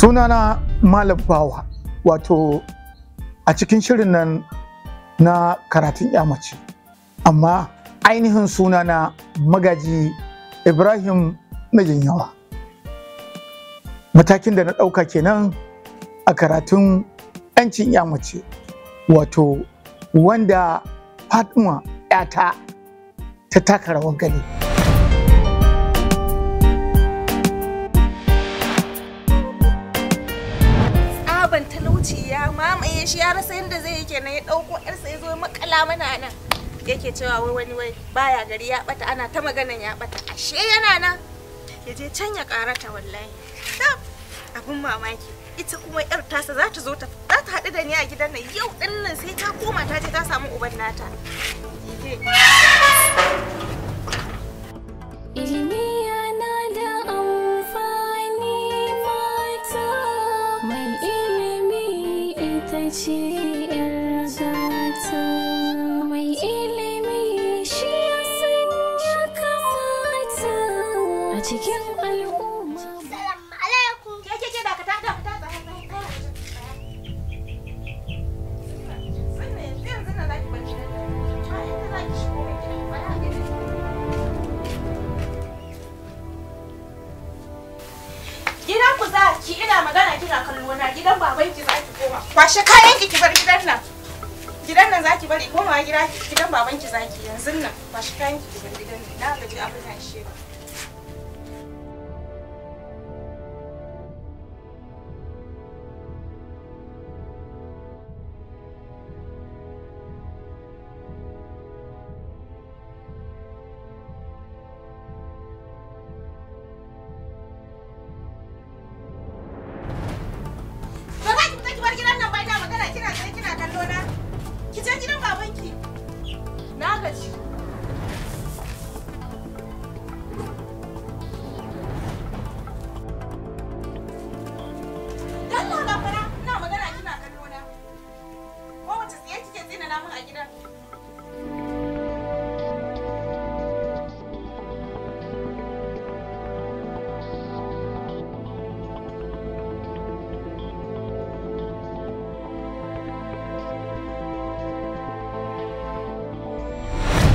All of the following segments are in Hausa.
sunana malam bawa wato a cikin shirin nan na karatun yamaci amma ainihin sunana magaji ibrahim mijin yawa matakin da na ɗauka kenan a karatun 'yancin yamaci wato wanda fatima 'yata ta taka rawar gani. shi ya rasa yadda zai yake na ya ɗauko ƴarsa ya zo makala mana nan yake cewa wai wani wai baya gari ya ɓata ana ta maganan ya ɓata ashe yana nan ya je can ya karata wallahi abin mamaki ita kuma yar tasa za ta zo ta za ta haɗu da ni a gidan nan yau ɗin nan sai ta koma ta je ta samu uban nata ilimi yana da 一起。banza ki ina magana kina kallo na gidan baban ki zaki koma kwashe kayan ki ki bar gidan nan gidan nan zaki bari komawa gida gidan baban ki zaki yanzu nan kwashe kayan ki ki bar gidan nan na gaji abin nan shi ba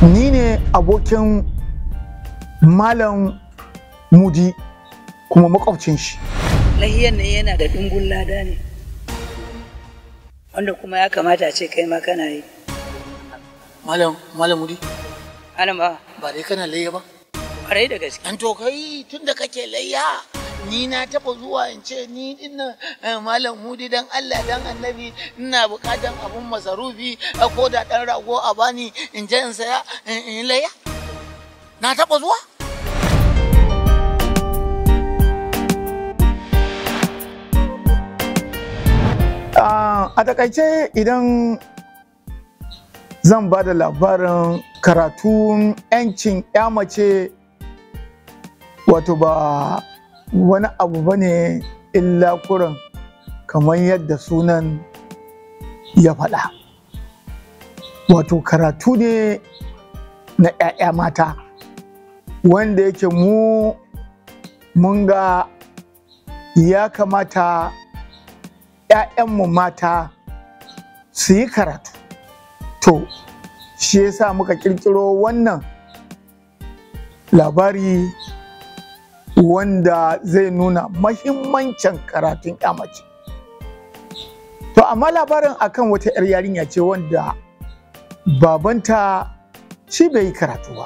ni ne abokin malam mudi kuma makwabcin shi lahiyar ne yana da dungun lada ne wanda kuma ya kamata ce kai ma kana yi malam mudi ana ba ba dai kana layya ba ƙwarai da gaske an to kai tun da kake layya ni na taba zuwa in ce ni dinnan eh, malam hudi dan Allah dan annabi ina bukatan abun masarufi ko da dan rago a bani in je in saya in laya na taba zuwa ah, a takaice idan zan ba da labarin karatu 'yancin 'ya mace wato ba wani abu ba ne illa kuran kamar yadda sunan ya faɗa wato karatu ne na 'ya'ya mata wanda yake mu mun ga ya kamata 'ya'yanmu mata su yi karatu to shi yasa muka ƙirƙiro wannan labari wanda zai nuna mahimmancin karatun mace. to amma labarin akan wata 'yar yarinya ce wanda babanta shi bai yi karatu ba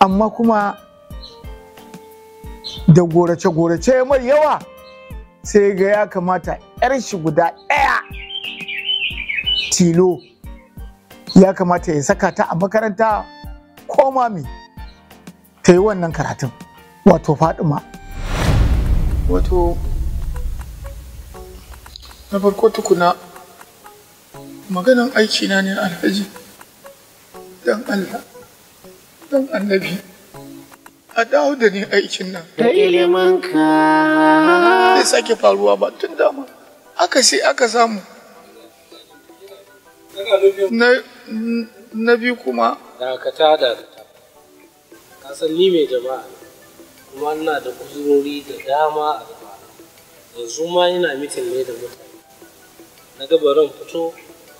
amma kuma da gorace-gorace mai yawa sai ga ya kamata 'yar shi guda ɗaya tilo ya kamata ya saka ta a makaranta koma mami ta yi wannan karatun wato faduma Wato, na farko tukuna maganan aikina ne alhaji don Allah, don annabi, a dawo da ni aikin nan. Da ka Zai sake faruwa ba tun dama, aka sai aka samu. Na biyu kuma. Da ka tada, ka san ni mai jama'a kuma ina da uzurori da dama a gaba yanzu ma ina mitin ne da mutane na gabarin fito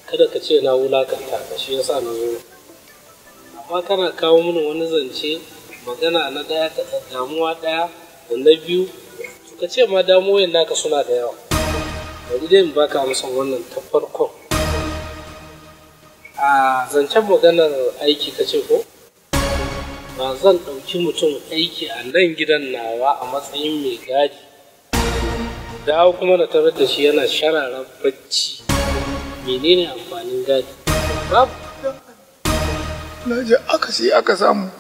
kada ka ce na wulakanta ka shi yasa na zo amma kana kawo mini wani zance magana na daya damuwa daya da na biyu ka ce ma damuwoyin naka suna da yawa bari dai in baka amsan wannan ta farkon a zancen maganar aiki ka ce ko ba zan ɗauki mutum aiki a nan gidan nawa a matsayin mai gadi dawo kuma na tarar da shi yana shararar bacci menene amfanin gadi na je aka sai aka samu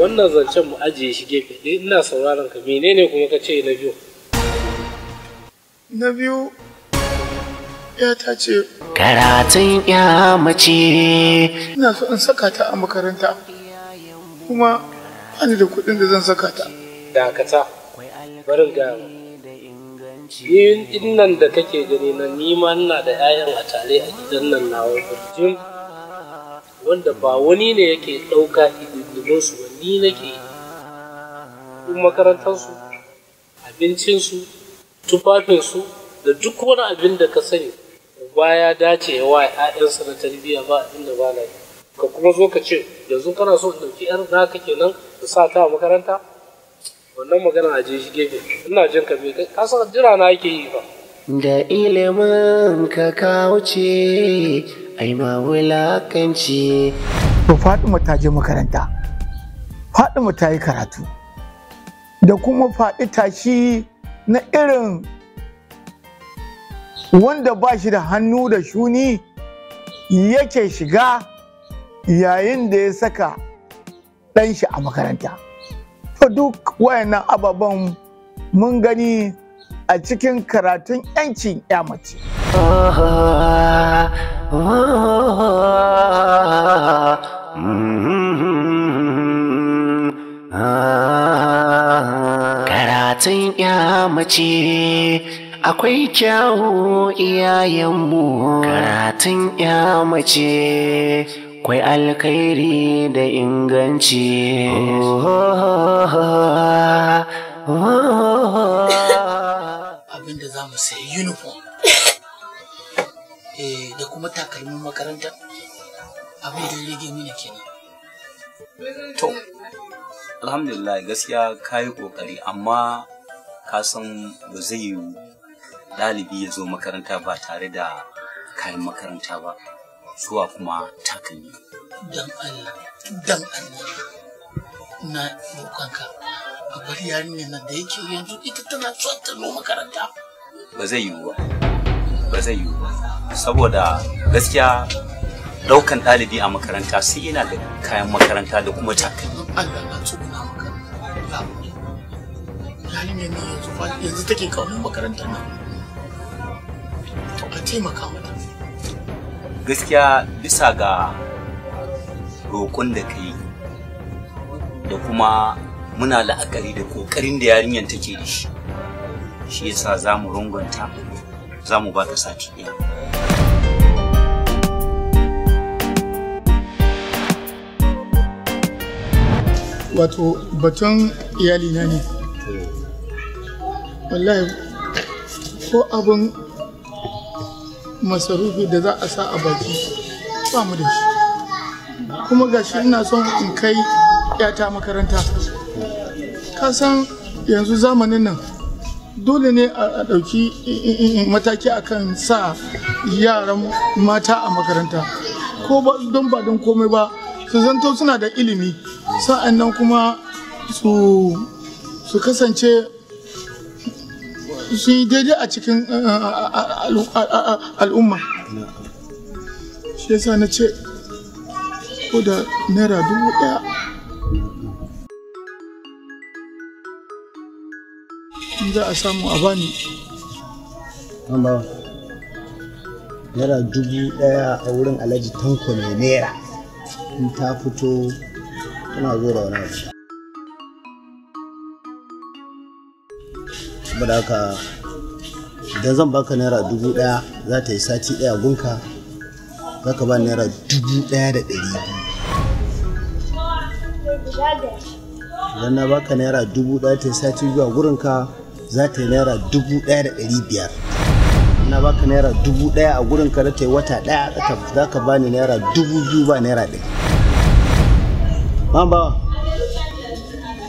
wannan zancen mu ajiye shi gefe ɗaya eh, ina sauraron ka menene kuma ka ce na biyu na biyu ya ta ce karatun ya mace ina so in saka ta a makaranta kuma ani da kuɗin da zan saka ta dakata barin gaya biyun din nan da kake gani na nima ina da 'ya'yan a a gidan nan na wajen wanda ba wani ne yake ɗauka idindiminsu ba ni nake abincin makarantarsu abincinsu tufafinsu da duk wani abin da ka sani ba ya dace wa 'ya'yansa na tarbiyya ba inda ba na yi ka kuma zo ka ce yanzu kana so in ɗauki yar naka kenan ka sa ta a makaranta wannan magana a je shi gefe ina jin ka bai ka san jira na yake yi ba da ilimin ka kauce ai ma wulakanci to Fatima ta je makaranta Fatima ta yi karatu da kuma faɗi tashi na irin wanda ba shi da hannu da shuni yake shiga yayin da ya saka ɗanshi a makaranta to duk wayannan ababen mun gani a cikin karatun 'yancin ya mace karatun ya mace akwai kyawu iyayenmu karatun ya mace kwai alkhairi da inganci abinda za mu sayi uniform eh, da kuma takalmin makaranta abin da rage mini kenan to alhamdulillah gaskiya ka yi kokari amma ka san ba zai yi ɗalibi ya zo makaranta ba tare da kayan makaranta ba zuwa kuma takalmi. Dan Allah, dan Allah, na bukanka a bar yarinyar nan da yake yanzu ita tana son ta noma makaranta. Ba zai yiwu ba, ba zai yiwu ba, saboda gaskiya daukan ɗalibi a makaranta sai yana da kayan makaranta da kuma takalmi. Allah na makaranta maka. Yarinyar ne yanzu take kaunar makarantar nan. To a taimaka mata. gaskiya bisa ga roƙon da ka yi da kuma muna la'akari da ƙoƙarin da yarinyar take da shi shi yasa za mu rungunta za mu ba ta sati ɗaya wato batun iyalina ne wallahi ko abin masarufi da za a sa a baki ba mu da shi kuma gashi ina son in kai yata makaranta ka san yanzu zamanin nan dole ne a ɗauki mataki akan sa yaran mata a makaranta ko ba don ba don komai ba su zanto suna da ilimi sa'an nan kuma su kasance sun yi daidai a cikin al'umma shi yasa na ce ko da naira dubu ɗaya za a samu a bani naira dubu ɗaya a wurin alhaji tanko mai naira in ta fito tana zo wani saboda haka idan zan baka naira dubu daya za ta yi sati daya gunka za ka ba naira dubu daya da ɗari idan na baka naira dubu daya ta yi sati zuwa gurinka za ta yi naira dubu daya da ɗari biyar na baka naira dubu daya a gurinka za ta yi wata daya za ka bani naira dubu biyu ba naira ɗaya. Mamba,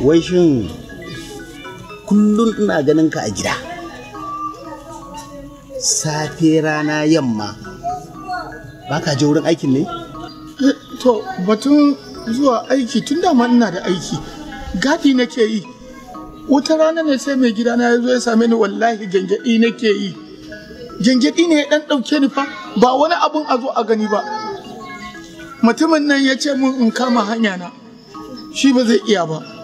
wai shin kullum ina ganin ka a gida safe rana yamma ba ka je wurin aikin ne? to batun zuwa aiki tun dama ina da aiki gadi nake yi wata rana ne sai mai gida na ya zo ya same ni wallahi gyangyaɗi nake yi gyangyaɗi ne ya ɗan ɗauke ni fa ba wani abun a zo a gani ba mutumin nan ya ce mun in kama hanya na shi ba zai iya ba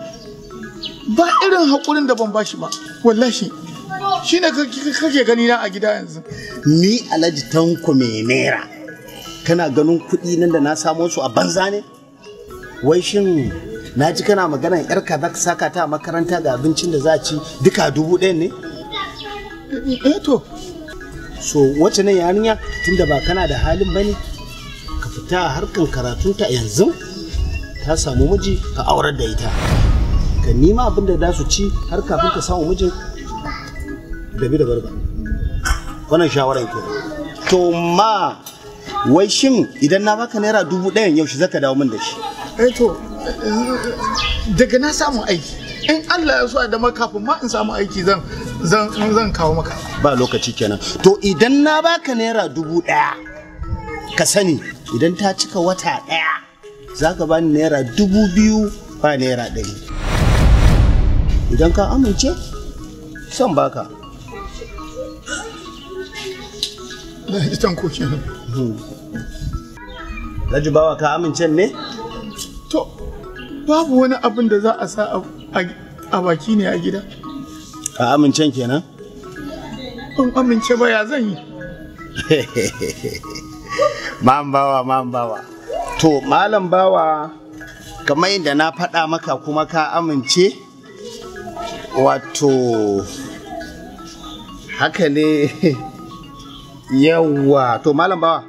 ba irin haƙurin da ban bashi ba wallahi shi ne kake gani na a gida yanzu ni alhaji tanko mai naira kana ganin kuɗi nan da na samo su a banza ne wai shin na ji kana maganar yar ka saka ta a makaranta ga abincin da za ci duka dubu ɗaya ne eh to so wacce nan yarinya tunda ba kana da halin ba ne ka fita harkan karatunta yanzu ta samu miji ka aurar da ita ka nima abin da za su ci har kafin ka samu mijin da bi da barba wannan shawaran ke to ma wai shin idan na baka naira dubu yau yaushe zaka dawo min da shi eh to daga na samu aiki in Allah ya so da ma kafin ma in samu aiki zan zan zan kawo maka ba lokaci kenan to idan na baka naira dubu ɗaya ka sani idan ta cika wata ɗaya za ka bani naira dubu biyu ba naira ɗari idan ka amince son baka na ji tanko kenan hmm. lajubawa ka amince ne to babu wani abin da za a sa a baki ne a gida ka amincen kenan ban amince ba ya zan yi man bawa man bawa to malam bawa kamar yadda na faɗa maka kuma ka amince wato haka ne yawa to malam bawa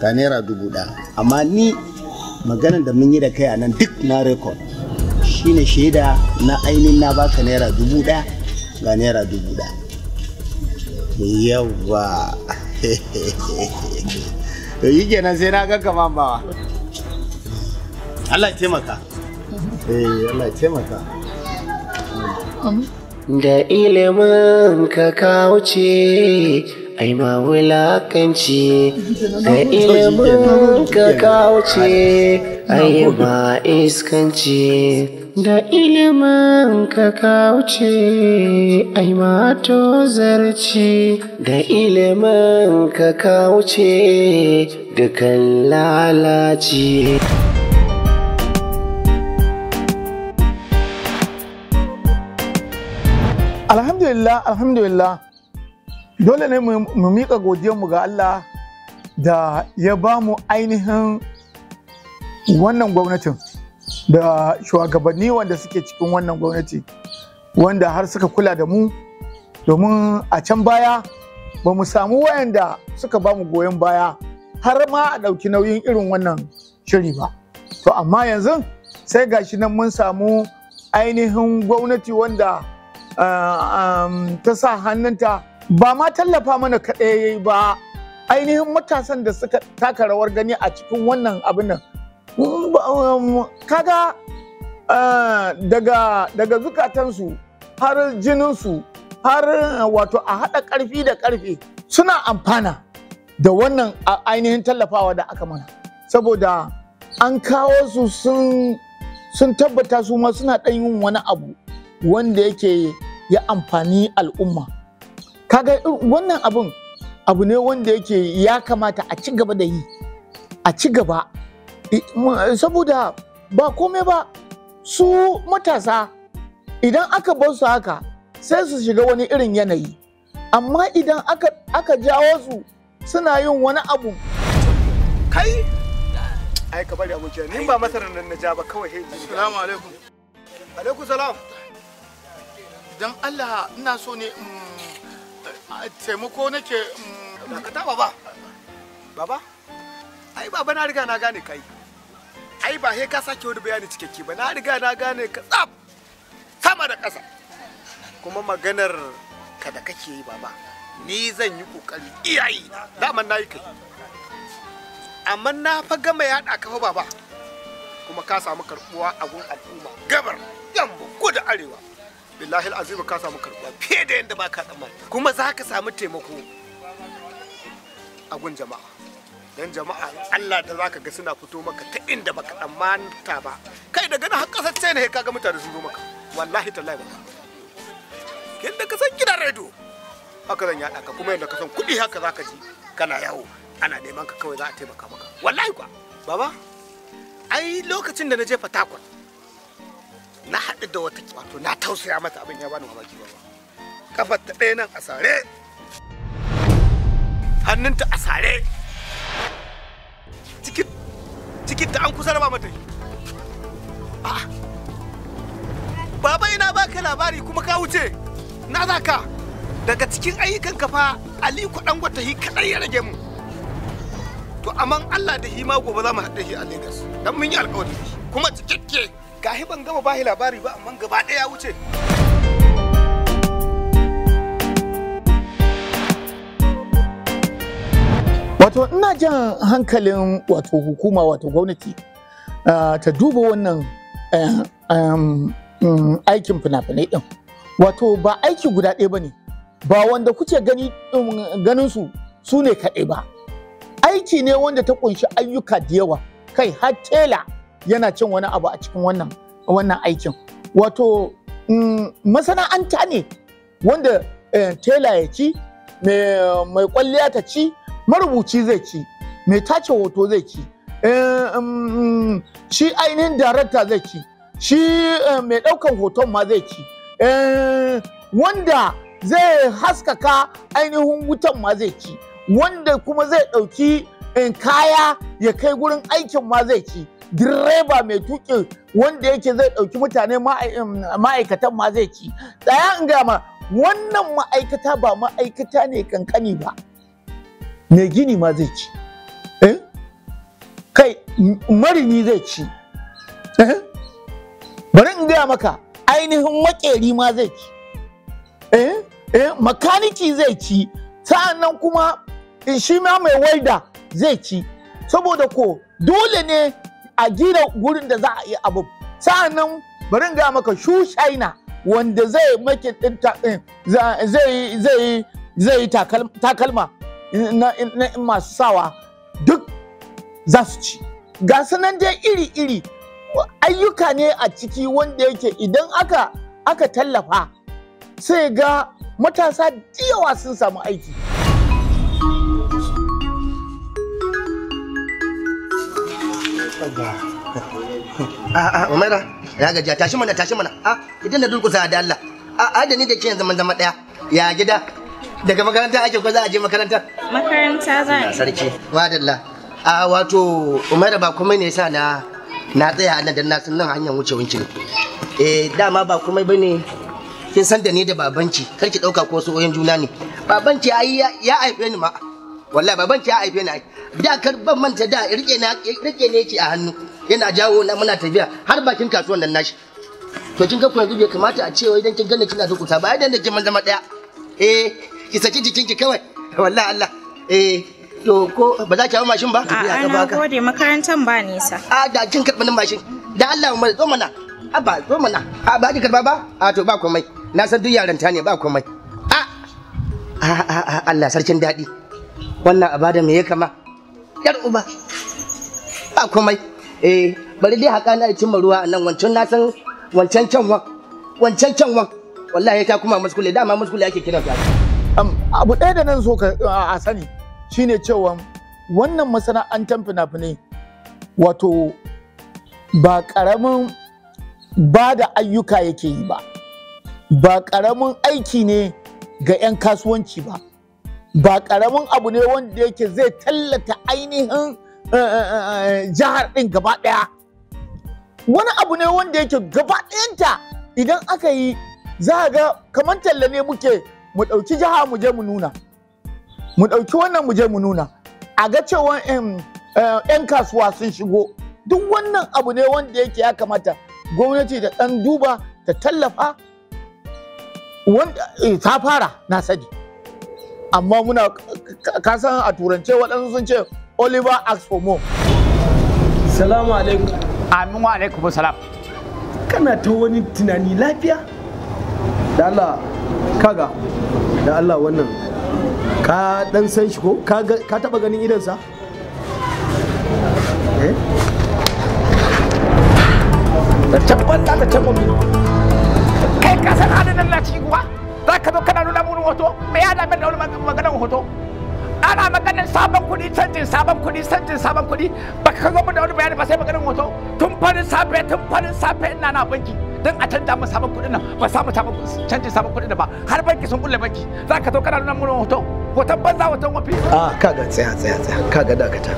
ka naira dubu ɗaya amma ni maganin da mun yi da kai a nan duk na rekod shine shaida na ainihin na baka naira dubu ɗaya ga naira dubu ɗaya yawa to yi kenan sai na ganka man bawa Allah ya taimaka eh Allah ya taimaka Da ilimin ka kawuce ai ma wulakanci da ilimin ka kawuce ai ma iskanci da ilimin ka kawuce ai ma tozarci da ilimin ka ce, dukan lalaci. alhamdulillah alhamdulillah dole ne mu miƙa mu ga Allah da ya ba mu ainihin wannan gwamnatin da shugabanni wanda suke cikin wannan gwamnati wanda har suka kula da mu domin a can baya ba mu samu wayanda suka ba mu goyon baya har ma a ɗauki nauyin irin wannan shiri ba to amma yanzu sai gashi nan mun samu ainihin gwamnati wanda Ah, ta sa hannunta ba ma tallafa mana kaɗai ba ainihin matasan da suka taka rawar gani a cikin wannan abin kaga ah, daga zukatansu har jininsu har wato a haɗa ƙarfi da ƙarfi suna amfana da wannan ainihin tallafawa da aka mana saboda an kawo su sun tabbata su ma suna ɗan yin wani abu wanda yake ya amfani al'umma kaga eh, wannan abun abu ne wanda yake ya kamata a ci gaba da yi a ci gaba saboda ba komai ba su matasa idan aka bar su haka sai su shiga wani irin yanayi amma idan aka, aka jawo su suna yin wani abu kai ai ka bari abokiya ni ba masarar nan na ja ba kawai hejji assalamu alaikum alaikum salam don allah ina so ne mm, taimako nake mm, dakata baba baba ai baba na riga na gane kai ai ba he ka sake wani bayani cikakke ba na riga na gane ka tsaf sama da ƙasa kuma maganar ka da kake yi baba ni zan yi kokari iyayi daman na yi kai amma na fa gama yaɗa kafa baba kuma ka samu karɓuwa a gun al'umma gabar yamma da arewa billahi azim ka samu karɓa fiye da yadda ba ka tsammani kuma za ka samu taimako a gun jama'a dan jama'a Allah da zaka ga suna fito maka ta inda baka tsammanta ba kai da nan har kasar ka ga mutane sun zo maka wallahi tallahi ba yadda ka san gidan radio haka zan yaɗa ka kuma yadda ka san kuɗi haka zaka ji kana yawo ana neman ka kawai za a taimaka maka wallahi kwa baba ai lokacin da na je Fatakwal na haɗu da wata wato na tausaya mata abin ya bani mamaki ba kafar ta ɗaya nan a sare hannunta a sare cikin ta an kusa raba mata baba ina baka labari kuma ka wuce na za ka daga cikin ayyukan ka fa aliko dan gwata hi kadai ya rage mu to amma Allah da hima ma gobe za mu haɗa shi a Lagos dan mun yi alƙawari kuma cikakke gahi ban gama bahi labari ba amma gaba ɗaya wuce wato ina jan hankalin wato hukuma wato gwamnati ta duba wannan mm, aikin fina-finai ɗin wato ba aiki guda ɗaya ba ne ba wanda kuke um, ganin su su ne kaɗai ba aiki ne wanda ta kunshi ayyuka da yawa kai har tela yana cin wani abu a cikin wannan aikin wato mm, masana'anta ne wanda eh, tela ya ci mai kwalliya ta ci marubuci zai ci mai tace hoto zai ci eh, mm, mm, shi ainihin darakta zai ci shi eh, mai ɗaukan hoton ma zai ci wanda zai haskaka ainihin wutan ma zai ci wanda kuma zai ɗauki kaya ya kai gurin aikin ma zai ci direba mai tuƙi wanda yake zai ɗauki mutane ma'aikatan ma zai ci tsaya in gama wannan ma'aikata ba ma'aikata ne kankani ba mai gini ma zai ci eh? kai marini zai ci eh? bari in gaya maka ainihin makeri ma zai ci eh? makaniki zai ci sa'annan kuma shi ma mai walda zai ci saboda ko dole ne a gina gurin da za a yi abu sa'annan bari ga maka shu china wanda zai makin din eh, zai takalma na masu sawa duk za su ci ga sanan dai iri iri ayyuka ne a ciki wanda yake idan aka aka tallafa sai ga matasa diyawa sun samu aiki a a ah, ah, umaira ya gajiya tashi mana tashi mana a ah, idan da durkusa da Allah a a da ni da ke yanzu mun zama daya ya gida daga makaranta ake ko za a je makaranta makaranta za a sarki wadalla a wato umaira ba kuma ne yasa na na tsaya a nan dan na san nan hanyar wuce wunci ne eh dama ba kuma bane kin san da ni da babanci kar ki dauka ko su soyayyen juna ne babanci ai ya haife ni ma wallahi baban ki ya haife ni da kar ban manta da rike na rike ne yake a hannu yana jawo na muna tafiya har bakin kasuwan nan nashi to kin ga ku yanzu bai kamata a cewa idan kin ganna kina da kusa ba dan da kin zama daya eh ki saki ki kawai wallahi Allah eh to ko ba za ki hawo mashin ba a na gode makarantar ba nisa a da kin karɓi mashin da Allah mu zo mana a ba zo mana a ba ki karba ba a to ba komai na san duk ta ne ba komai a a a Allah sarkin daɗi wannan bada me ya kama yar uba ba komai eh bari dai haka na cimma ruwa a nan wancan na san wancan wan wancan wan wallahi ka kuma muskule dama muskule ake kiran ka abu ɗaya da nan so ka a sani shine cewa wannan masana'antar fina-finai wato ba ƙaramin ba da ayyuka yake yi ba ba ƙaramin aiki ne ga 'yan kasuwanci ba ba karamin abu ne wanda yake zai tallata ainihin eh, eh, eh, jihar ɗin gaba ɗaya wani abu ne wanda yake gaba ɗayanta idan aka yi za a ga kamar talla ne muke mu ɗauki jiha mu je mu nuna mu ɗauki wannan mu je mu nuna a ga cewa 'yan kasuwa sun shigo duk wannan abu ne wanda yake ya kamata gwamnati da ɗan duba ta tallafa wanda ta fara na sani amma muna kasan a turance waɗansu sun ce oliver asks for more salamu alaikum amin wa alaikum salam kana ta wani tunani lafiya da Allah kaga da Allah wannan ka dan san shi ko ka taba ganin idansa eh da tabban da tabban kai ka san adadin lafiya kuwa za ka zo kana wani hoto mai yana dame wani maganar hoto ana maganar sabon kuɗi canjin sabon kuɗi canjin sabon kuɗi ba ka zo da wani bayani ba sai maganar hoto tun farin safe tun farin safe ina na banki don a canja mu sabon kuɗin nan ba samu sabon canjin sabon kuɗin nan ba har banki sun kulle banki za ka zo kana nuna mun hoto hoton banza hoton wafi. a ah, kaga tsaya tsaya tsaya kaga dakata.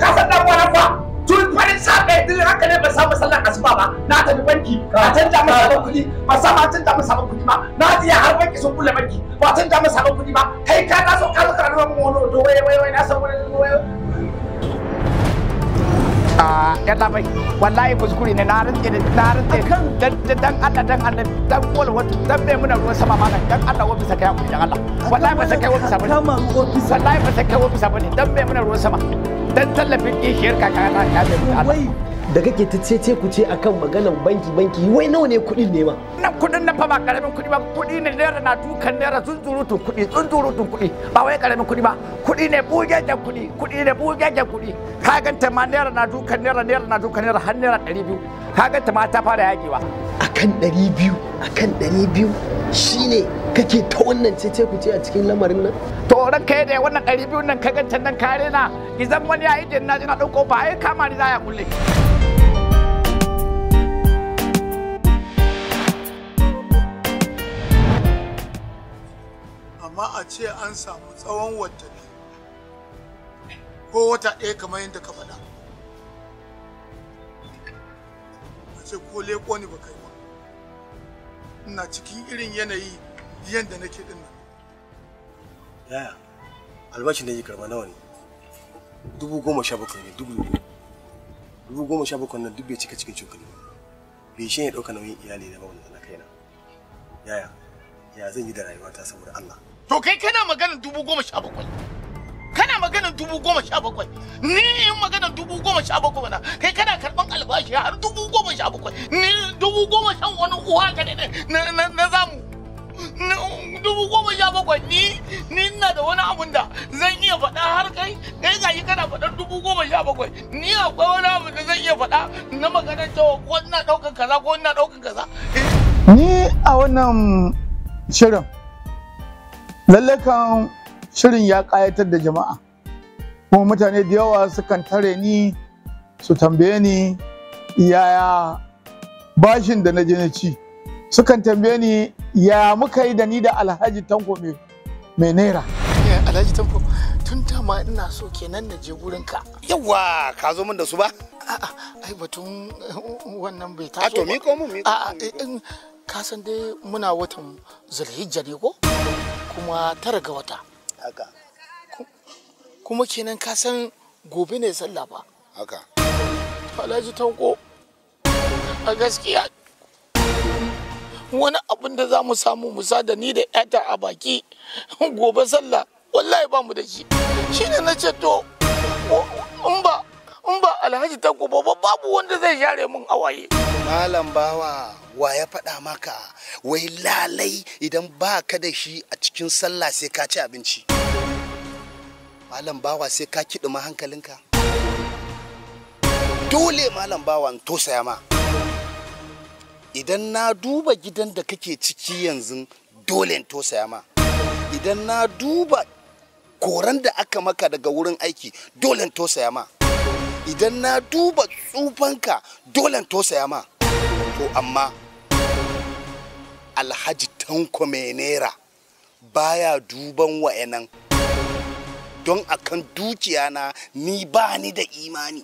ka san ɗan wani ba. tun farin safe din haka ne ba samu sallar asuba ba na tafi banki a canja masa sabon kuɗi ba samu a canja masa sabon kuɗi ba na tiya har banki sun kula banki ba canja masa sabon kuɗi ba kai ka ka so ka zo ka nuna min wani to wai wai wai na san wani wai a ah, yan labai wallahi kuskure ne na rantse da na rantse dan Allah dan annabi dan kola wata dan bai muna ruwan sama malam dan Allah wa bisa kai mu dan Allah wallahi ba ta kai wa bisa bane wallahi ba ta kai wa bisa bane dan bai muna ruwan sama dan tallafin kishiyar kakana ta da bukata da kake ta ce ku ce akan maganar banki banki wai nawa ne kuɗin ne ma na kuɗin na fa ba karamin kuɗi ba kuɗi ne naira na dukan naira tsunzurutun kuɗi tun kuɗi ba wai karamin kuɗi ba kuɗi ne da kuɗi kuɗi ne da kuɗi ka ganta ma naira na dukan naira naira na dukan naira har naira ɗari biyu ka ganta ma ta fara yaƙewa akan ɗari biyu akan ɗari biyu shine kake ta wannan cece ku a cikin lamarin nan to ran kai da wannan ɗari biyu nan ka gancan nan kare na idan wani ya ije na jina ɗauko ba ai kama ni za ya kulle amma a ce an samu tsawon watanni ko wata ɗaya kamar yadda ka faɗa a ce ko leƙo ni ba kai ba ina cikin irin yanayi yanda nake din nan yaya albashin da yake karba nawa ne dubu goma sha bakwai ne dubu biyu dubu goma sha bakwai nan duk bai cika cikin cokali bai shi ya ɗauka nauyin iyali da mawani na kaina yaya ya zan yi da rayuwata saboda Allah to kai kana magana dubu goma sha bakwai kana maganar dubu goma sha bakwai ni in maganar dubu goma sha bakwai na kai kana karban albashi har dubu goma sha bakwai ni dubu goma shan wani uwa ka ne na zamu dubu goma sha bakwai ni ni ina da wani abun da zan iya faɗa har kai kai ga yi kana faɗar dubu goma sha bakwai ni akwai wani abun da zan iya faɗa na maganar cewa ko ina ɗaukar kaza ko ina ɗaukar kaza. ni a wannan shirin lallai kan shirin ya ƙayatar da jama'a kuma mutane da yawa sukan tare ni su tambaye ni yaya bashin da na je na ci. sukan tambaye ni ya muka yi da ni da alhaji tanko mai naira alhaji tanko tun ma ina so kenan na je gurin ka yawa ka zo min da su ba ai batun uh, wannan bai taso to miko mu miko ka san dai muna watan zulhijja ne ko kuma tara ga wata haka kuma kenan ka san gobe ne sallah ba haka alhaji tanko a gaskiya wani abin da za mu samu musa da ni da yata a baki gobe sallah wallahi ba mu da shi shine na ce to in ba in ba alhaji ta gobe ba babu wanda zai share min awaye malam bawa wa ya faɗa maka wai lalai idan ba ka da shi a cikin sallah sai ka ci abinci malam bawa sai ka kiɗi hankalinka dole malam bawa tosa ya ma idan na duba gidan da kake ciki yanzu dole in tosaya ma idan na duba koran da aka maka daga wurin aiki dole in tosaya ma idan na duba tsufanka dole in tosaya ma to amma alhaji tanko menera baya duban wa'yanan don akan dukiya na ni ba ni da imani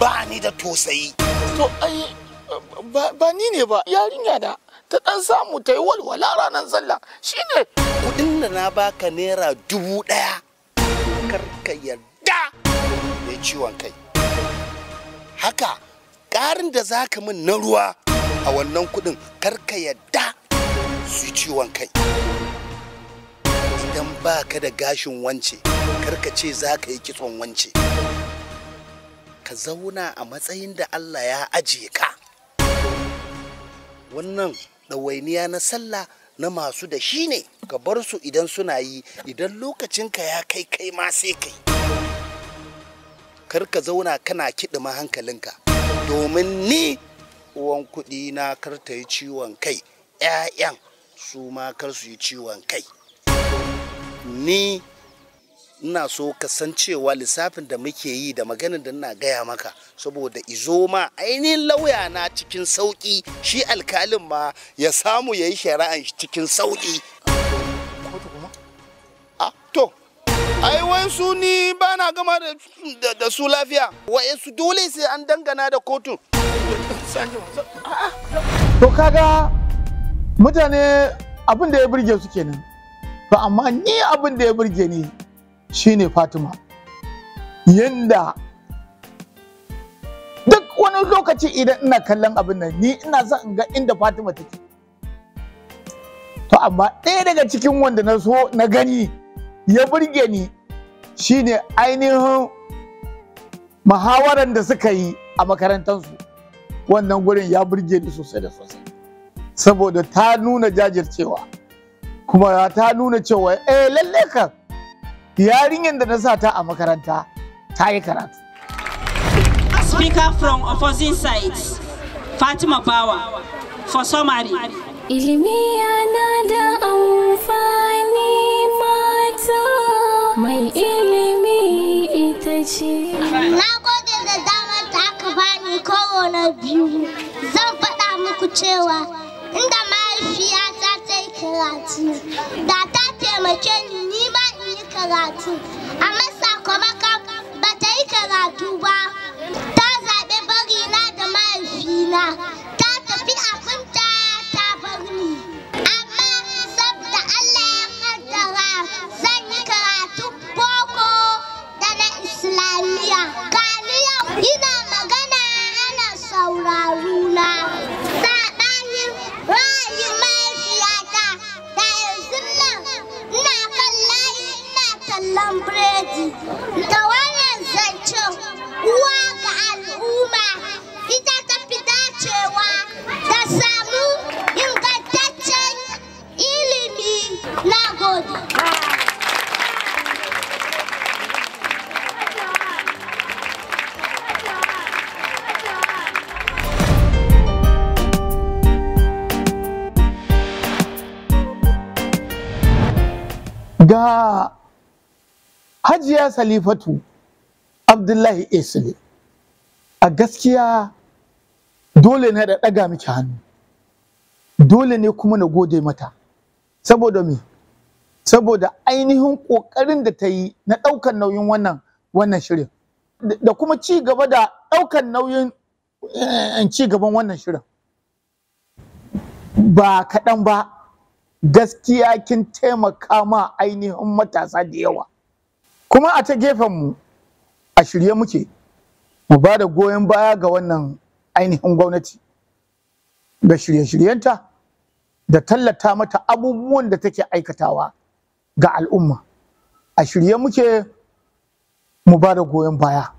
ba ni da tosayi to ai ba ni ne ba yarinya da ta dan samu ta yi walwala ranar zalla shine kudin da na baka naira dubu daya kar ka yarda ciwon kai haka karin da za ka min na ruwa a wannan kudin kar ka yarda su ciwon kai idan ba ka da gashin wance karka ce za ka yi kitson wance ka zauna a matsayin da allah ya ajiye ka wannan ɗawainiya na sallah na masu da shi ne ka bar su idan suna yi idan lokacinka ya kai kai ma sai kai kar ka zauna kana kiɗima hankalinka domin ni uwan kuɗi na kar ta yi ciwon kai 'ya'yan su ma kar su yi ciwon kai ni ina so ka san cewa lissafin da muke yi da maganin da ina gaya maka saboda izo ma ainihin lauya na cikin sauƙi shi alkalin ma ya samu ya yi shari'an shi cikin sauƙi to ai su ni ba na gama da su lafiya su dole sai an dangana da kotun to kaga mutane abin da ya burge su kenan ba amma ni abin da ya burge ni shine fatima yanda duk wani lokaci idan ina kallon abin nan ni ina son in ga inda fatima take to amma ɗaya daga cikin wanda na so na gani ya burge ni shine ainihin muhawaran da suka yi a makarantar su wannan gurin ya burge ni sosai da sosai saboda ta nuna jajircewa kuma ta nuna cewa eh lallai ka. yarinyar da na sa ta a makaranta ta yi karatu. Speaker from opposing sides, Fatima Bawa, for summary. Ilimi yana da amfani mata mai ilimi ita ce. Na gode da damar da aka bani kowane biyu. Zan faɗa muku cewa inda mahaifiyata ta yi karatu, da ta taimake ni karatu amma sakamakon ba ta yi karatu ba ta zaɓi barina da mahaifina. hajiya salifatu abdullahi esile a gaskiya dole ne da ɗaga miki hannu dole ne kuma na gode mata saboda me saboda ainihin ƙoƙarin da ta yi na ɗaukar nauyin wannan wannan shirin da kuma ci gaba da ɗaukar nauyin eh, ci gaban wannan shirin ba kaɗan ba gaskiya kin taimaka ma ainihin matasa da yawa kuma a ta gefen mu, a shirye muke mu ba da goyon baya ga wannan ainihin gwamnati ga shirye-shiryenta da tallata mata abubuwan da take aikatawa ga al'umma a shirye muke mu ba da goyon baya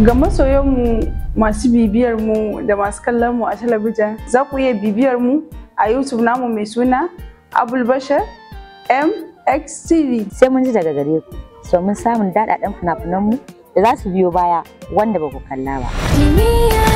ga masoyanmu masu bibiyar mu da masu kallon mu a talabijin za ku iya bibiyar mu a youtube namu mai suna abulbashar mxtv sai mun ji daga gare ku so mun samun daɗaɗen fina-finanmu da za su biyo baya wanda ba ku kalla ba. Kimiyya